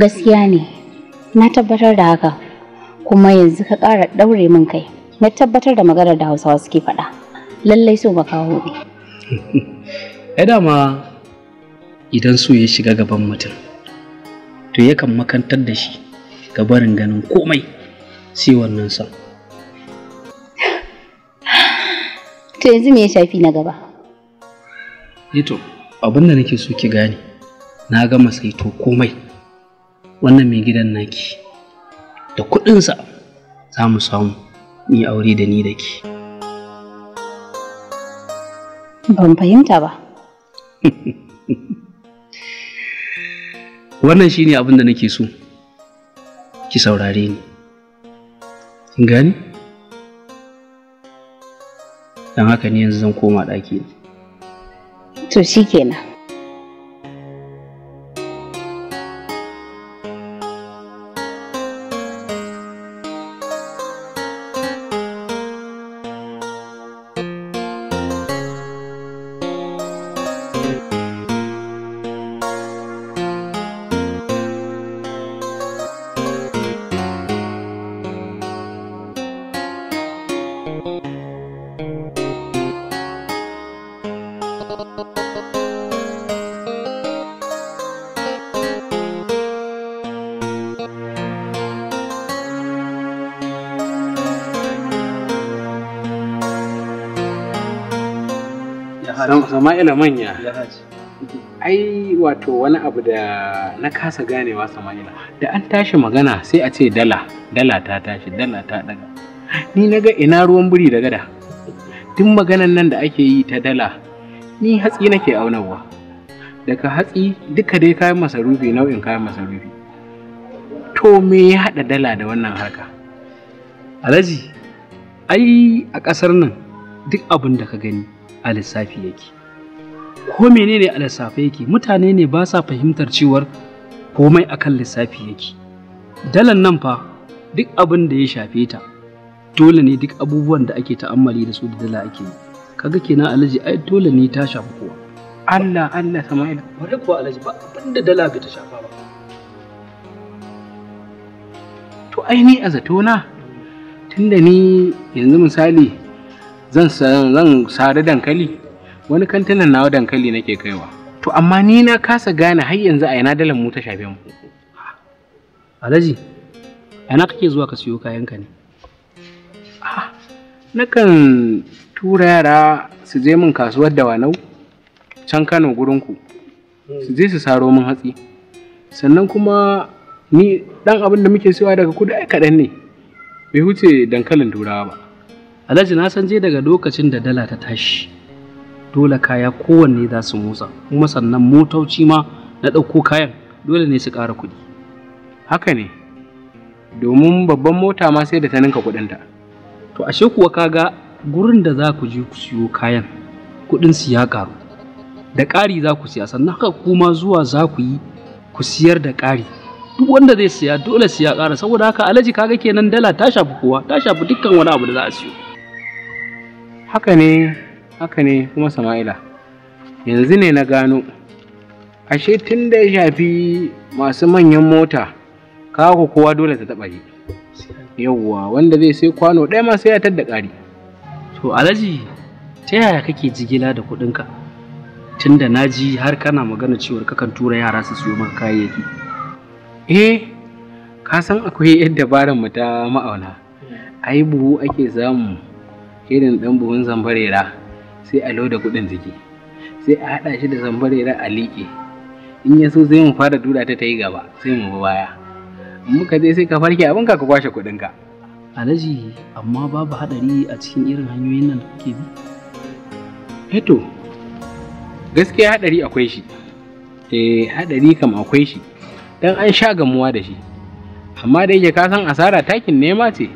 gaskiya ne na tabbatar da haka kuma yanzu ka ƙara ɗaure min kai na tabbatar da maganar da hausawa suke faɗa lallai so ba kawo ne ai dama idan so ya shiga gaban mutum to yakan makantar da shi ga barin ganin komai sai wannan sa. to yanzu me ya shafi na gaba Ito, eh abin da nake so ki gane na gama saito komai wannan mai gidan naki da kuɗinsa za mu samu yi aure da ni da ke ban fahimta ba wannan shine abin da nake so ki saurare ni kin gani don haka ne yanzu zan koma ɗaki to shi kenan. Sama'ila manya. Ai wato wani abu da na kasa ganewa Sama'ila. Da an tashi magana sai a ce dala, dala ta tashi, dala ta daga. Ni na ga ina ruwan buri da gada. Duk maganan nan da ake yi ta dala, ni hatsi nake aunawa. Daga hatsi duka dai kayan masarufi nau'in kayan masarufi. To me ya haɗa dala da wannan harka? Alhaji, ai a ƙasar nan duk abin da ka gani a lissafi yake. ko menene a lissafe yake mutane ne ba sa fahimtar cewar komai akan lissafi yake dalan nan fa duk abin da ya shafe ta dole ne duk abubuwan da ake ta'ammali da su da dala ake yi kaga kenan alhaji ai dole ne ta shafi kowa Allah Allah Sama'il bari kuwa alhaji ba abin da dala bai ta shafa ba to ai ni a zatona tunda ni yanzu misali zan zan sare dankali wani kantinan nawa dankali nake kaiwa to amma ni na kasa gane har yanzu a yana dalan shafe mu alhaji yana kake zuwa ka siyo kayanka ne ah, nakan tura yara su je min kasuwar da wanau can kano gurin ku, su je su saro min hatsi sannan kuma ni dan abin da muke siyowa daga kudu ai kaɗan ne bai huce dankalin turawa ba alhaji na san je daga lokacin da dala ta tashi dole kaya kowanne za su motsa kuma sannan motoci ma na ɗauko kayan dole ne su ƙara kuɗi haka ne domin babban mota ma sai da ta ninka kuɗinta to ashe kuwa kaga gurin da za ku je ku siyo kayan kuɗin su ya ƙaru da ƙari za ku siya sannan haka kuma zuwa za ku yi ku siyar da ƙari duk wanda zai siya dole siya ƙara saboda haka alaji kaga kenan dala ta shafi kowa ta shafi dukkan wani abu da za a siyo haka ne haka ne kuma sama'ila yanzu ne na gano ashe tun da ya shafi masu manyan mota kawo kowa dole ta taɓa yi yauwa wanda zai sai kwano ɗaya ma sai ya tadda ƙari to alhaji ta yaya kake jigila da kuɗinka tun da na ji har kana magana cewar kakan tura yara su siyo maka kayayyaki eh ka san akwai yadda barin mu ta ma'auna ai buhu ake samu irin ɗan buhun zambarera sai a loda kuɗin jiki sai a haɗa shi da zambarera a liƙe in ya so sai mu fara dura ta ta yi gaba sai mu baya baya muka je sai ka farke abin ka ka kwashe kuɗinka alhaji amma babu haɗari a cikin irin hanyoyin nan da kuke bi eto eh gaskiya haɗari akwai shi eh haɗari kam akwai shi dan an sha gamuwa da shi amma da yake ka san asara takin nema ce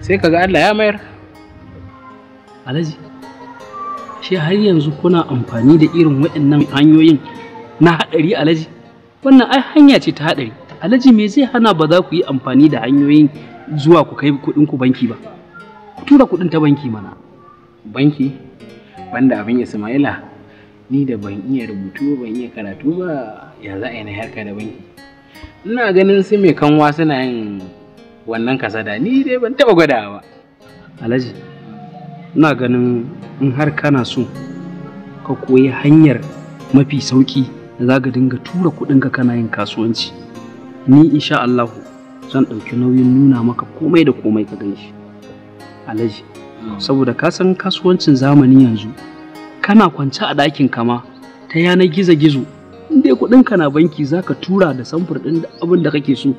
sai kaga Allah ya mayar alaji shi har yanzu kuna amfani da irin waɗannan hanyoyin na haɗari alaji wannan ai hanya ce ta haɗari alaji me zai hana ba za ku yi amfani da hanyoyin zuwa ku kai kuɗin ku banki ba ku tura kuɗin ta banki mana banki banda abin ismaila ni da ban iya rubutu ban iya karatu ba ya za a yi na harka da banki ina ganin su mai kanwa suna yin wannan kasada ni dai ban taɓa gwadawa ba alaji ina ganin in har kana so ka koyi hanyar mafi sauki da za ka dinga tura kuɗinka kana yin kasuwanci ni insha Allah zan ɗauki nauyin nuna maka komai da komai ka gani shi alaji hmm. saboda ka san kasuwancin zamani yanzu kana kwance a dakin ka ma ta yanar gizo-gizo in dai kuɗinka na banki za ka tura da samfur ɗin abin da kake so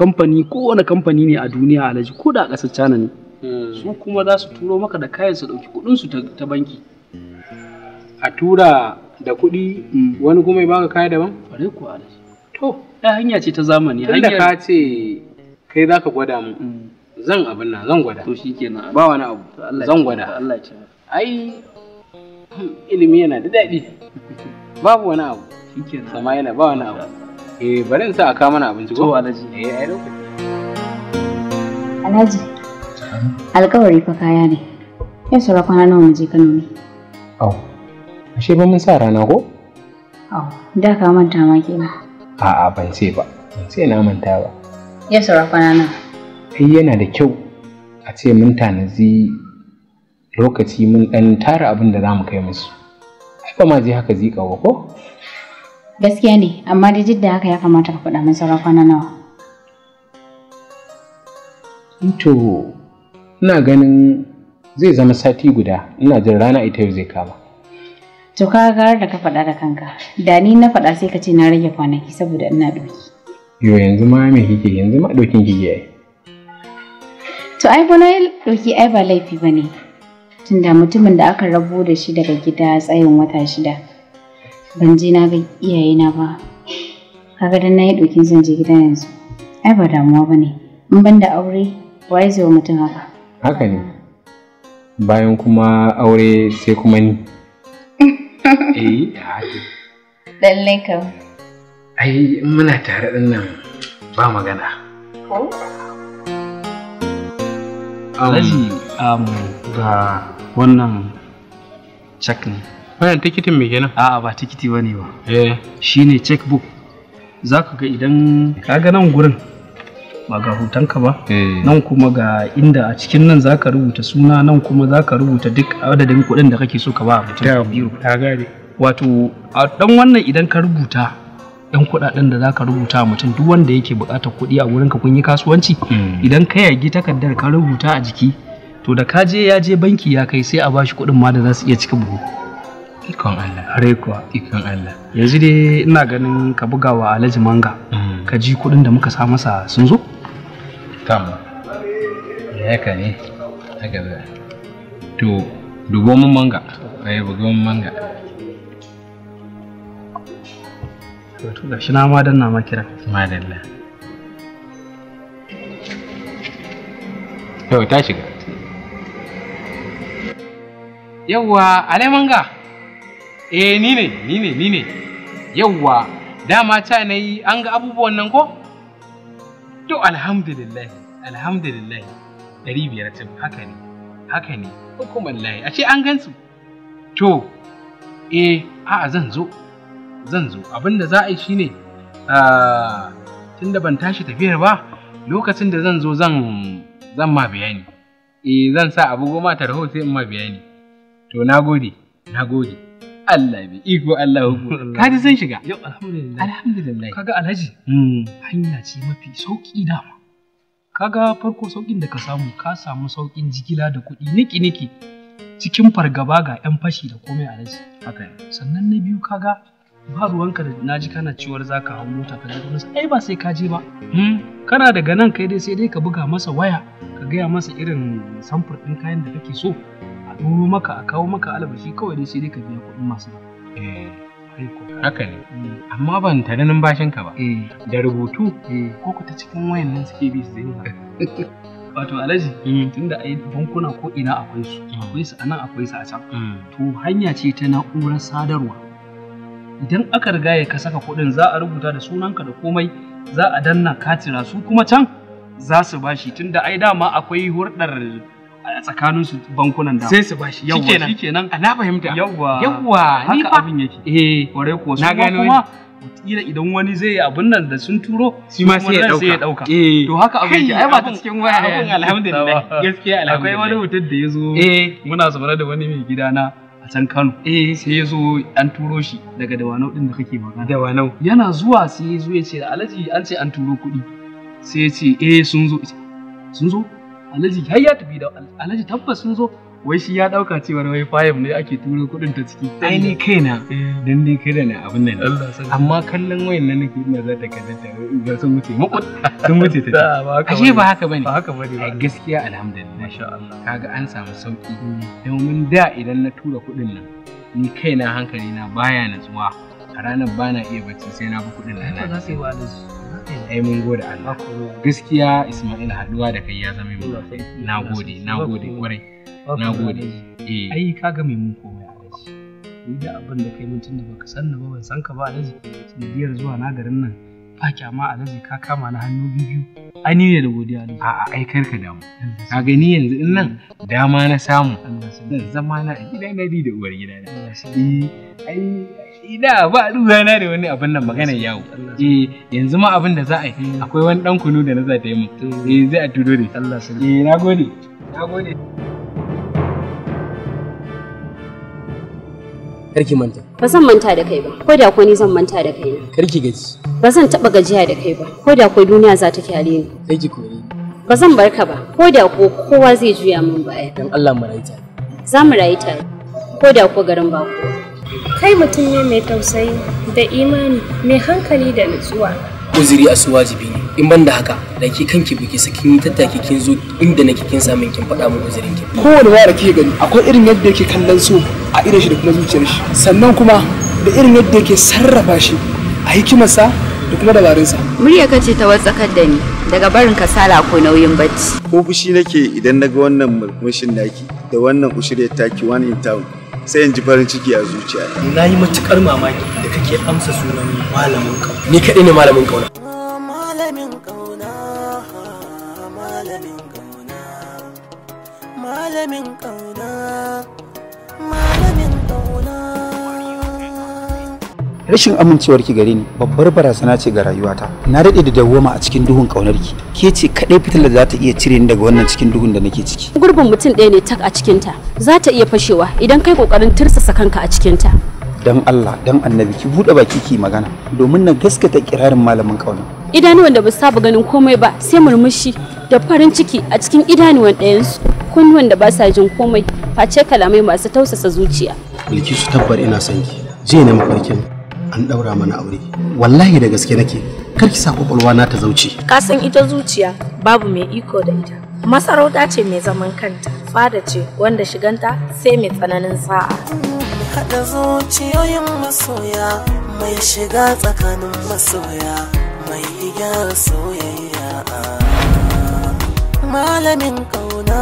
kamfani kowane kamfani ne a duniya alaji ko da a ƙasar China ne Mm. su kuma za su turo maka da kayan su kudin kuɗinsu ta banki a tura da kuɗi mm. wani kuma ya baka kaya daban bare ku alaji to da hanya ce ta zamani hanya ka ce kai zaka gwada mu mm. zan abin nan zan gwada to shikenan ba wani abu zan gwada Allah ya ai hmm, ilimi yana da daɗi babu wani abu shikenan sama yana ba wani abu eh bari in sa aka mana abinci ko alaji eh ai lokaci Alhaji, alkawari fa kaya ne ya saura kwana nawa mu je Kano ne au ashe ba mun sa rana ko au da ka manta ma kenan a'a ban sai ba ban sai na manta ba ya saura kwana nawa ai yana da kyau a ce mun tanazi lokaci mun dan tara abin da zamu kai musu ai ba ma je haka zika ba ko gaskiya ne amma da jidda haka ya kamata ka faɗa mun saura kwana nawa Ito. ina ganin zai zama sati guda ina jin rana ita yau zai kama to ka gara da ka faɗa da kanka da ni na faɗa sai ka ce na rage kwanaki saboda ina ɗauki yo yanzu ma me kike yanzu ma ɗaukin kike yayi to ai ba na ɗauki ai ba laifi ba ne tunda mutumin da aka rabu da shi daga gida tsayin wata shida ban je na ga iyayena ba kaga dan na yi ɗaukin zan je gida yanzu ai ba damuwa ba ne in ban da aure waye zai wa mutum haka haka ne bayan kuma aure sai kuma ni eh lallai ka ai muna tare din nan ba magana Alhaji ga wannan check ne. Wannan tikitin me kenan? A'a ba tikiti bane ba. Eh. Shine checkbook. Za ka ga idan ka ga nan gurin ba ga hotonka ba eh. nan kuma ga inda a cikin nan zaka rubuta suna nan kuma zaka rubuta duk adadin kuɗin da kake so ka ba mutum biro wato a dan wannan idan ka rubuta yan kuɗaɗen da zaka rubuta mutum duk wanda yake buƙatar kuɗi a wurinka kun yi kasuwanci hmm. idan ka yagi takardar ka rubuta a jiki to da ka je ya je banki ya kai sai a bashi kuɗin ma da za su iya cika buhu ikon Allah are kuwa ikon Allah yanzu dai ina ganin ka buga wa Alhaji Manga hmm. ka ji kuɗin da muka sa masa sun zo tam haka ne haka za to dubo mun manga yi bugo mun manga to ga shi na ma danna ma kira madalla yau ta shiga yawwa ale manga eh ni ne ni ne ni ne yawwa dama ta nayi an ga abubuwan nan ko To alhamdulillah, alhamdulillah. Ɗari biyar tun haka ne, haka ne, hukumar layi, a ce an gansu. To, eh, a'a zan zo, zan zo. Abin da za a yi shi ne, tun da ban tashi tafiyar ba, lokacin da zan zo zan zan ma bayani. Eh, zan sa abu goma ta rahoto in ma bayani. To, na gode, na gode. Allah bi iko Allah hu ka ji san shiga yau alhamdulillah alhamdulillah kaga alhaji hmm. hanya ce mafi sauki dama kaga farko saukin da ka samu ka samu saukin jigila da kuɗi niki niki cikin fargaba ga yan fashi da komai alhaji haka sannan na biyu kaga ba ruwanka da naji kana ciwar zaka hau mota ka ai ba sai ka je ba hmm. kana daga nan kai dai sai dai ka buga masa waya ka gaya masa irin samfur ɗin kayan da kake so a ɗoro maka a kawo maka albashi kawai dai sai dai ka biya kuɗin masu ba. Eh. Haka ne, eh. amma ban tare ka ba, eh. da rubutu ko ku ta cikin wayan nan suke bi su zai Wato alaji, hmm. tunda a bankuna ko ina akwai su, hmm. akwai su a nan akwai su a can. Hmm. To hanya ce ta na'urar sadarwa. Idan aka riga ya ka saka kuɗin za a rubuta da sunanka da komai za a danna katira su kuma can za su bashi tunda ai dama akwai hurɗar a tsakanin su bankunan da sai su bashi yawa shikenan na fahimta yawa yawa ni fa abin yake eh kware kuwa na gano kuma kila idan wani zai yi abin nan da sun turo shi ma sai ya dauka eh. to haka abin yake ai ba ta cikin waya abin alhamdulillah gaskiya alhamdulillah akwai wani mutum da ya zo eh. muna saurare da wani mai gidana a can Kano. Eh sai ya zo an turo shi daga dawanau din da kake magana. Dawanau. Yana zuwa sai ya zo ya ce Alhaji an ce an turo kuɗi. Sai ya ce eh sun zo. Sun zo? alhaji har ya tafi da alhaji tabbas sun zo wai shi ya dauka cewa wai fayim ne ake turo kudin ta ciki ai ni kaina eh, dan ni kaina ne abin nan amma kallon wayan nan nake ina zata ta ta ga sun wuce mu sun wuce ta ashe ba haka bane ba haka bane gaskiya alhamdulillah masha Allah kaga an samu sauki mm. domin da idan na tura kudin nan ni kaina hankali na baya natsuwa a ranar bana iya bacci sai na bi kudin nan na za su yi wa ai mun gode Allah gaskiya Ismail haduwa da kai ya zama mu na gode na gode kwarai na gode eh ai ga mai mun komai alaji ni da abin da kai mun tunda baka san na ba ban san ka ba alaji sanadiyar zuwa na garin nan ba kyama alaji ka kama na hannu biyu ai ni ne da godiya ne a a ai kar ka damu ka ga ni yanzu din nan dama na samu zan zama na gidana gida da uwar gidana na eh, ai da ba na da wani abin nan magana yawo eh yanzu ma abin da za a yi akwai wani dan kunu da na za ta yi mu eh zai a tudo ne Allah sarki eh nagode nagode karki manta ba zan manta da kai ba ko da ko ni zan manta da kai karki gaji ba zan taba gajiya da kai ba ko da ko duniya za ta kyale ni sai ki kore ba zan bar ka ba ko da ko kowa zai juya min baya dan Allah mu rayu tare za mu rayu tare ko da ko garin ba kowa Kai mutum ne mai tausayi da imani mai hankali da nutsuwa. kuziri a su wajibi ne, in ban da haka da ke kanki buke sakin kin yi tattaki kin zo inda nake kin samun kin faɗa min uzurin ki. Kowane waya da kike gani akwai irin yadda yake kallon so a irin shi da kuma zuciyar shi. Sannan kuma da irin yadda yake sarrafa shi a hikimarsa da kuma dabarunsa. Murya ka ce ta watsakar da ni daga barin kasala ko nauyin bacci. Ko fushi nake idan na ga wannan mushin naki da wannan ushiriyar taki one in town. sai in ji farin ciki a zuciya na yi matukar mamaki da kake amsa sunan malamin kauna ni kaɗai ne malamin kauna malamin kauna malamin kauna malamin kauna rashin amincewarki gare ni babbar barazana ce ga rayuwata na daɗe da dawoma a cikin duhun ƙaunarki ke ce kaɗai fitilar da za ta iya cire ni daga wannan cikin duhun da nake ciki gurbin mutum ɗaya ne tak a cikinta za ta iya fashewa idan kai ƙoƙarin tirsasa kanka a cikinta dan Allah dan annabi ki buɗe baki ki magana domin na gaskata kirarin malamin ƙauna idanuwan da ba saba ganin komai ba sai murmushi da farin ciki a cikin idanuwan ɗayansu kunnuwan da ba sa jin komai face kalamai masu tausasa zuciya bilkisu tabbar ina son ki je ne an ɗaura mana aure wallahi da gaske nake kar ki sa kwakwalwa na ta zauce ka san ita zuciya babu mai iko da ita masarauta ce mai zaman kanta fada ce wanda shiganta sai mai tsananin sa'a kada zuciyoyin masoya mai shiga tsakanin masoya mai iya soyayya malamin kauna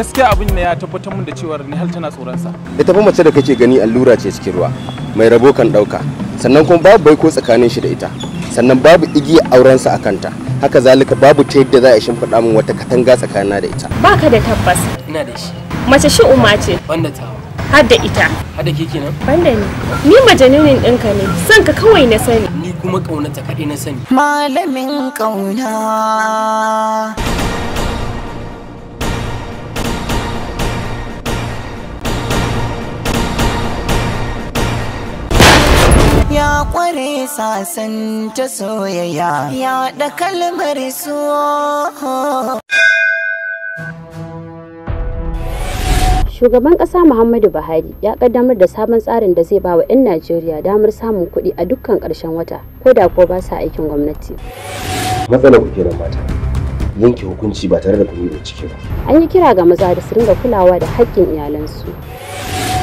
gaskiya abin ne ya tabbatar mun da cewa hal tana tsoron ita fa mace da kake gani allura ce cikin ruwa mai rabo kan dauka sannan kuma babu baiko tsakanin shi da ita sannan babu igiya aurensa a kanta haka zalika babu ta yadda za a faɗa min wata katanga tsakanina da ita baka da tabbas ina da shi mace shi umma ce banda ta. har da ita har da ke kenan banda ni ni majanunin ɗinka ne son ka kawai na sani ni kuma ƙaunata kaɗai na sani malamin ƙauna ya kware sasanta soyayya ya da kalmar su. Oh, oh. Shugaban ƙasa Muhammadu Buhari ya ƙaddamar da sabon tsarin da zai ba wa 'yan Najeriya damar samun kuɗi a dukkan ƙarshen wata, ko da ko ba sa aikin gwamnati. Matsalar ku kenan mata. Yanke hukunci ba tare da kuɗi da ciki ba. An yi kira ga maza da su ringa kulawa da haƙƙin iyalansu.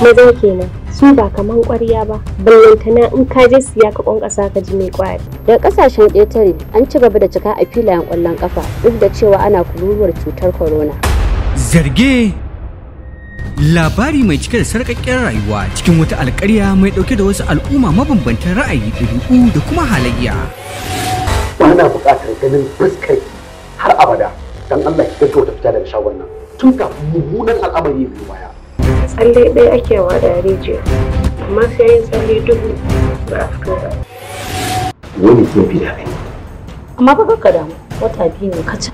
maza kenan su ba kaman ƙwarya ba ballantana in ka je siya ka kwan kasa ka ji mai kwari daga kasashen ƙetare an ci gaba da cika a filayen kwallon kafa duk da cewa ana kururuwar cutar corona zarge labari mai cike da sarƙaƙƙiyar rayuwa cikin wata alƙarya mai ɗauke da wasu al'umma mabambantan ra'ayi ɗabi'u da kuma halayya ba na buƙatar ganin fuskar har abada don allah ki ta fita daga shagon nan tun kafin mummunan al'amari ya baya tsalle ɗaya ake wada rijiya amma sai yin tsalle dubu ba a fito ba wani ke fi da kai amma ba ka damu wata biyu ne kaca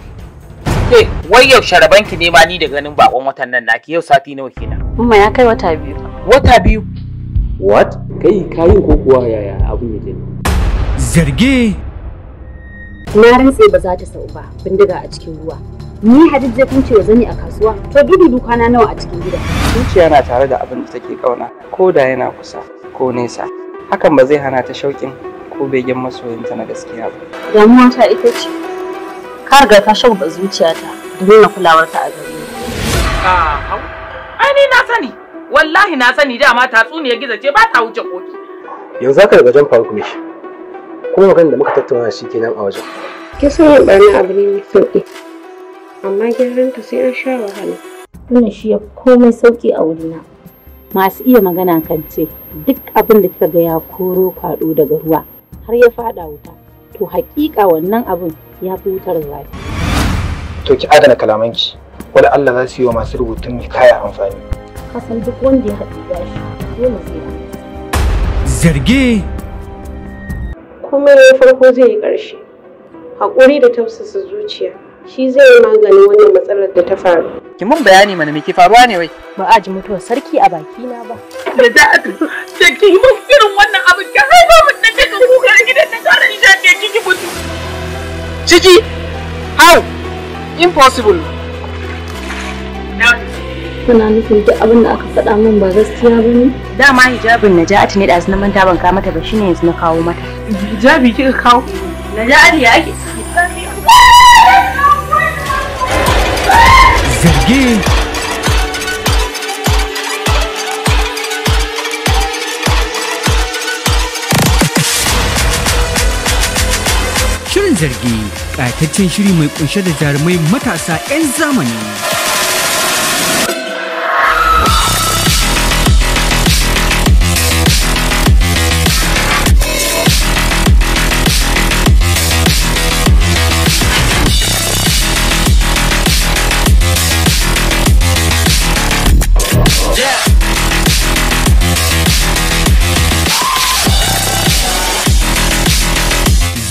ke wai yau sharabanki ne ma ni da ganin bakon watan nan naki yau sati nawa kenan Mamma ya kai wata biyu wata biyu what kai kayin ko kuwa yaya abin yake zarge na rantse ba za ta sau ba bindiga a cikin ruwa ni hadijja kun ce zani a kasuwa to dudu kwana nawa a cikin gida zuciya na tare da abin da take kauna ko da yana kusa ko nesa hakan ba zai hana ta shauƙin ko begen masoyinta na gaskiya ba damuwa ta ita ce ka riga ka shauƙa zuciyata da nuna kulawarta a gare ni ai ni na sani wallahi na sani dama tatsuniyar gizo ce ba ta wuce koki yanzu za ka daga jan faru kuma shi kuma maganin da muka tattauna shi kenan a wajen ke san yin abin ne mai sauƙi amma gyaran ta sai an sha wahala wannan shi ya komai sauki a wurina masu iya magana kan ce duk abin da kika ga ya koro kwado daga ruwa har ya fada wuta to hakika wannan abin ya fi wutar zafi to ki adana kalamanki wala Allah za su yi wa masu rubutun kaya amfani kasan duk wanda ya haɗu gashi dole zai zarge komai ne farko zai yi ƙarshe haƙuri da tausasa zuciya shi zai yi maganin wannan matsalar da ta faru. Ki mun bayani mana me ke faruwa ne wai? Ba a ji mutuwar sarki a baki na ba. Da za a da ki mun irin wannan abin ka ba mun da kika kuka gidan da tare ni da ke kiki mutu. Ciki how impossible. Kuna nufin duk abin da aka faɗa min ba gaskiya ba ne? Dama hijabin Naja'atu ne da na manta ban kawo mata ba shine yanzu na kawo mata. Hijabi kika kawo? Naja'atu ya ake? גיל. Shirin zargi ƙayataccen shiri mai kunshe da jarumai matasa 'yan zamani.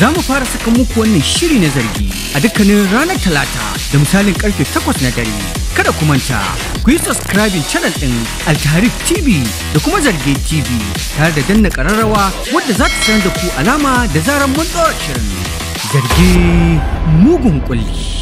za mu fara saka muku wannan shiri na zargi a dukkanin ranar talata da misalin karfe takwas na dare kada ku manta ku yi subscribing channel ɗin altarif tv da kuma zarge tv tare da danna kararrawa wadda za ta sanar da ku alama da zarar mun shirin zarge mugun kulli.